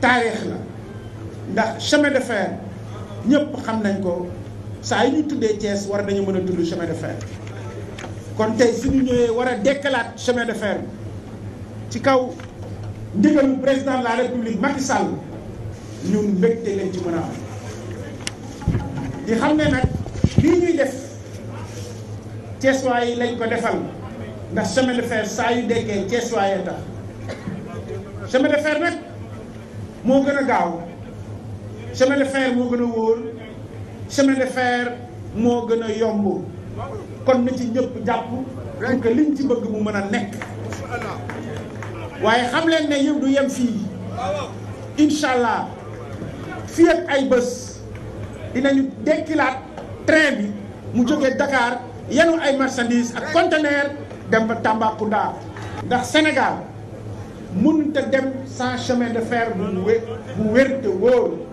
taarix la ndax chemin de fer ñëpp xam nañ ko saa yi ñu tuddee Thiès war nañu mën a tudd chemin de fer kon tey suñu ñëwee war a dekkalaat chemin de fer ci kaw ndigalu président de la république Macky Sall ñun mbégte lañ ci mën a am di xam ne nag lii ñuy def Thiès waay yi lañ ko defal ndax chemin de fer saa yu dekkee Thiès waay tax chemin de fer nag. moo gën a gaaw chemin de moo gën a wóor chemin de moo gën a yomb kon na ci ñëpp jàpp pour que liñ ci bëgg mu mën a nekk waaye xam leen ne yëpp du yem fii incha allah fii ak ay bés dinañu dekkilaat train bi mu jógee dakaar yenu ay marchandises ak conteneur dem ba Tambacounda ndax Sénégal mënut a dem sans chemin de fer bu wé bu wér te